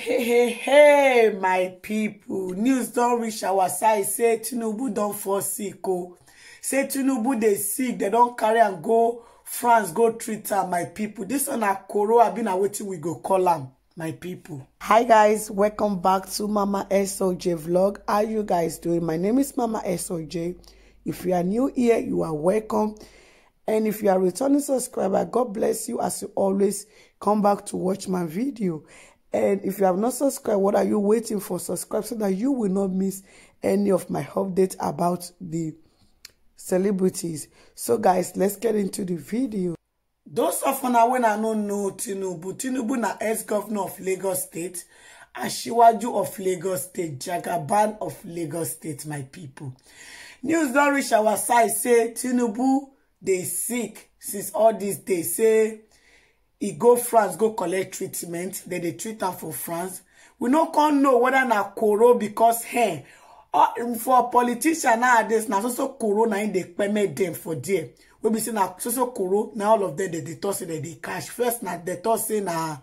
hey hey hey my people! news don't reach our side say tinubu don't fall sick o oh. say tinubu dey sick dem don carry and go france go treat am my people. This one na koro I've been wetin we go call am my people. hi guys welcome back to mama soj vlog how you guys doing my name is mama soj if you are new here you are welcome and if you are returning subscriber god bless you as you always come back to watch my video And if you have not subscribed, what are you waiting for? Subscribe so that you will not miss any of my updates about the celebrities. So guys, let's get into the video. Those of una when I no know Tinubu, Tinubu na ex-governor of Lagos State, Ashiwaju of Lagos State, Jagaban of Lagos State, my people. News don't reach our side say Tinubu they sick since all these days say He go france go collect treatment Then they treat am for france we no con know whether na coro because hey, eh, uh, for politician nowadays na so so koro na im dey permit them for there We be say na so so coro na all of dem dey talk say dem dey cash first na dem talk say na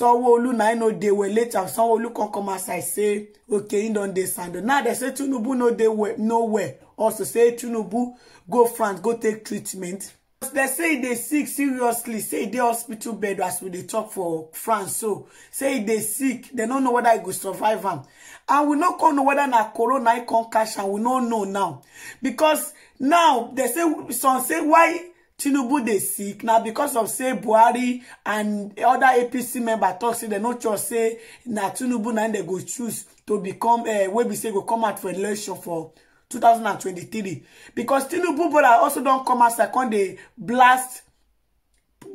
olu na im no dey well later so sanwoolu come come I say okay im don't dey sando now they say tinubu no dey well nowhere also say tinubu go france go take treatment They say they sick seriously say e hospital bed as we dey tok for france so say they sick They don't know whether I e go survive them. and we not know whether na corona e come catch am we no know now because now they say some say why tinubu they sick now because of say buhari and other apc member tok say dem no trust say na tinubu now. They go choose to become eh, wey we say go come out for election for 2023 because tinubu brother also don't come as second They blast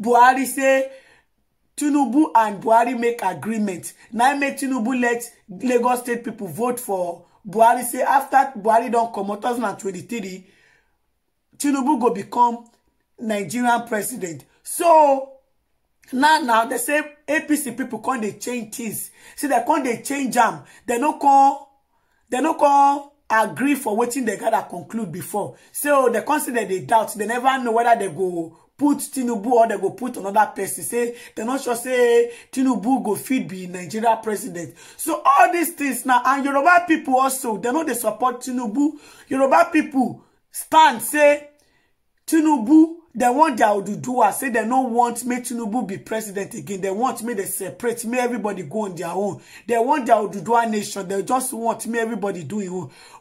buhari say tinubu and buhari make agreement na make tinubu let lagos state people vote for buhari say after buhari don't come 2023 tinubu go become nigerian president so now now they say apc pipo come dey change tins say they come They change am They no call agree for wetin dem gather conclude before so they consider they doubt They never know whether they go put tinubu or they go put another person say dem not sure say tinubu go feed be nigeria president so all these things now, and yoruba people also They know they support tinubu yoruba people stand say tinubu they want their Oduduwa, say they don't want me Tinubu be president again. They want me to separate me, everybody go on their own. They want their Oduduwa nation. They just want me, everybody do it.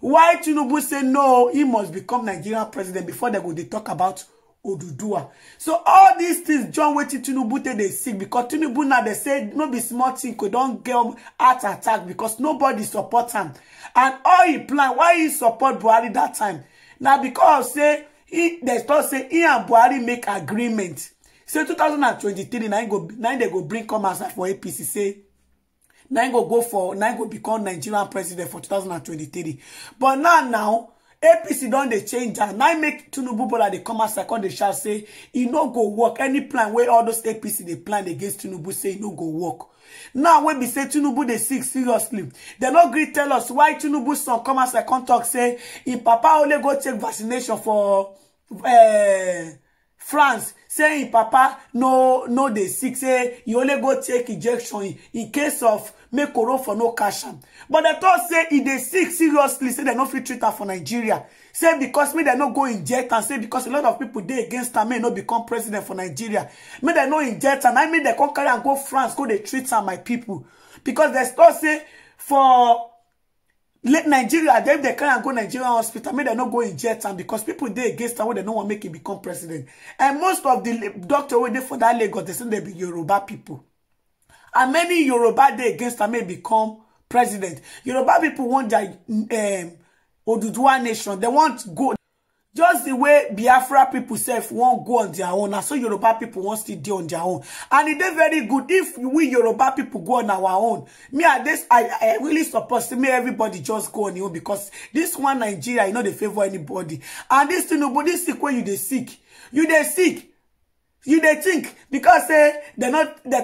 Why Tinubu say no, he must become Nigerian president before they go, they talk about Oduduwa. So all these things, John Wetin Tinubu take they sick because Tinubu now they say no be small thing could don't get um, heart attack because nobody support him. And all he plan, why he support Buhari that time? Now because say they talk say he and buhari make agreement say 2023 na they go bring come outside for apc say na go go for na go become nigerian president for 2023 but now now apc don dey change and na make tunubu bola dey come outside come They shall say e no go work any plan where all those apc they plan against tunubu. say e no go work now when we say tunubu, they sick seriously They not gree tell us why tunubu son come outside come tok say "If papa only go take vaccination for eh, france say him papa no no dey sick say e only go take injection in case of make koro for no cash am but dem tok say e dey sick seriously say dem no fit treat am for nigeria say because make dem no go inject am say because a lot of people dey against am make no become president for nigeria make dem no inject am i mean dem come carry am go france go dey treat am my people because dem tok say for nigeria dem dey carry am go nigeria hospital make they not go in jet time because people they against am They don't want wan make him become president and most of the doctor wey dey for dat lagos They say they be yoruba people, and many yoruba they against am may become president yoruba people want dia um oduduwa nation They want go just the way biafra people self won't go on their own so yoruba people won't still do on their own and it is very good if we yoruba people go on our own me at i i really suppose me everybody just go on your own because this one nigeria e no dey favor anybody and dis tinubu this sick wey you dey seek. you dey seek you they think because say dem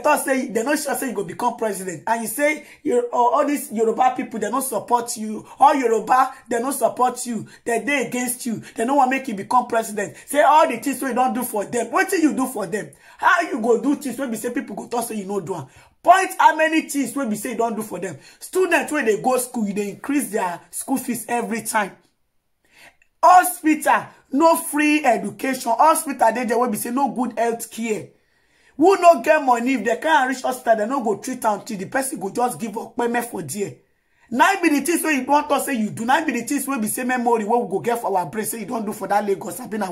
talk say they not sure say you go become president and you say all these yoruba people they not support you all yoruba they not support you they they against you dem no wan make you become president say all the things wey you don do for them what do you do for them how you go do things wey we say people go talk say you no do am point how many things wey we say you don't do for them students wey they go school you dey increase their school fees every time hospital no free education hospital they there wey be say no good health care who no get money if they can't reach hospital they no go treat am the person go just give payment for there Nine be di things wey you don't say you do Nine be di things wey be say memory wey we go get for our brain say you don't do for that lagos I've been na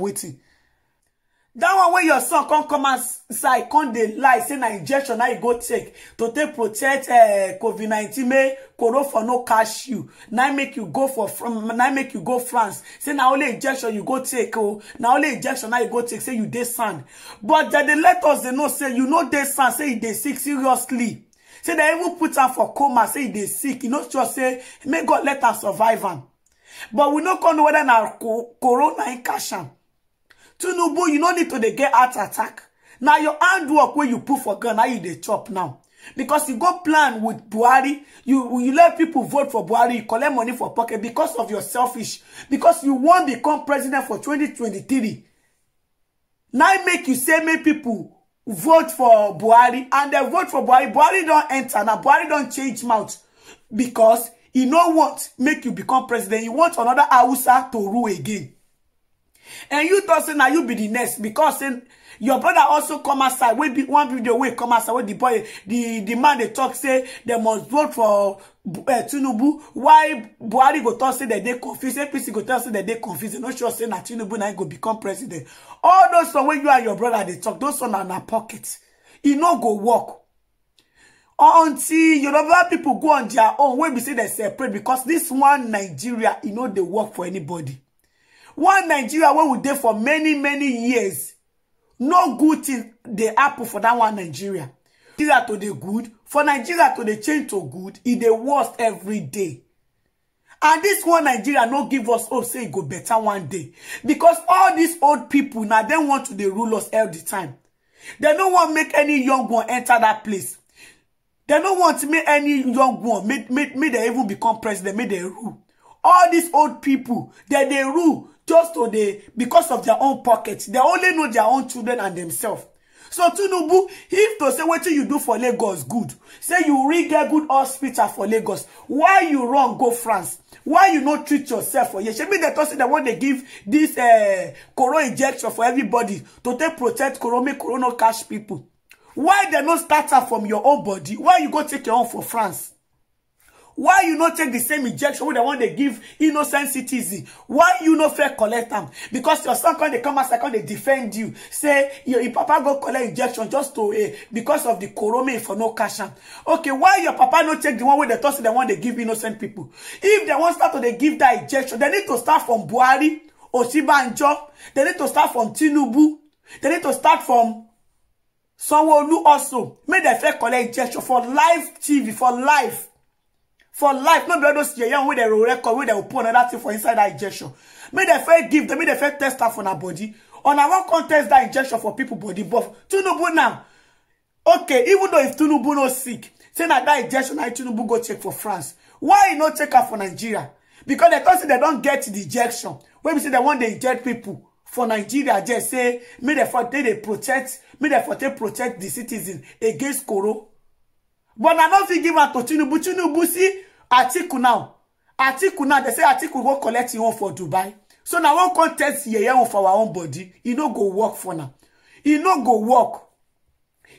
That one wey your son come come outside come they lie say na injection now you go take to take protect eh, covid-19 make koro for no catch you Now make you go for from. Now make you go france say now only injection you go take Oh, now only injection now you go take say you dey sand but dem dey let us They know say you no dey sand say they sick seriously say they even put am for coma say they sick e no just say may god let am survive him, but we no come know whether na corona catch am tinubu you no need to dey get heart attack Now your handwork wey you put for gun now you dey chop now because you go plan with buhari you you let people vote for buhari you collect money for pocket because of your selfish because you wan become president for 2023 Now make you say make people vote for buhari and they vote for buhari buhari don't enter now. buhari don't change mouth because he no want make you become president He want another hausa to rule again and you thought say now you be the next because say your brother also come outside wey be one video way come outside wey the boy the the man they talk say they must vote for uh, tinubu why buhari go talk say dem dey confused apc go talk say dem dey confused dem not sure say that tinubu now go become president all those one wey you and your brother they talk those one in na pocket He no go work until yoruba people go on their own When we say they separate because this one nigeria you e know they work for anybody one nigeria wey we dey for many many years no good thing dey happen for that one nigeria nigeria to the good for nigeria to the change to good it e the worst every day and this one nigeria no give us hope say it e go better one day because all these old people now they want to dey rule us all the time dem no wan make any young one enter that place They don't want make any young one make make make they even become president make they rule all these old people dem they rule just to the because of their own pockets. They only know their own children and themselves. So Tinubu, if to say what you do for Lagos good, say you really get good hospital for Lagos, why you run go France? Why you not treat yourself for here? Shebi dey talk say dem they give this uh, corona injection for everybody to take protect corona, make corona catch people. Why they not start up from your own body? Why you go take your own for France? why you no take the same injection wey dem wan dey give innocent citizen why you no fair collect am because your son come dey come outside come dey defend you say your, your papa go collect injection just to eh, because of the corona for no cash am okay why your papa no take the one wey dem talk say dem wan dey give innocent people if dem wan start to dey give that injection dem need to start from buhari osinbajo dem need to start from tinubu dem need to start from sanwoolu also make dem fair collect injection for live tv for live for life not be all those young with dem record with dem put another thing for inside that injection May the first give dem make dem first test am for our body On our come test that injection for people body but Tunubu now okay even though if Tunubu no sick say na that injection I Tunubu go check for france why no check am for nigeria because dem thought say dem don get the injection When we say dem wan dey inject people for nigeria just say may the for they protect may the for take protect the citizens against koro but I no fit give am to Tunubu. Tunubu see atiku now atiku now they say atiku go collect him own for dubai so na one contest yeye own for our own body e no go work for now e no go work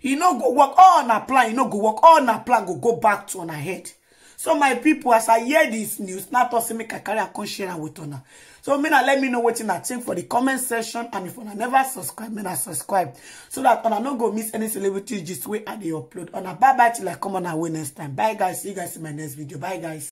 e no go work all na plan e no go work all na plan go go back to una head so my pipo as i hear dis news na to say make i carry i come share am with una so make let me know wetin i think for the comment section and if una never subscribe make subscribe so that una no go miss any celebrity just wey i dey upload una bye bye till i come on away next time bye guys see you guys in my next video bye guys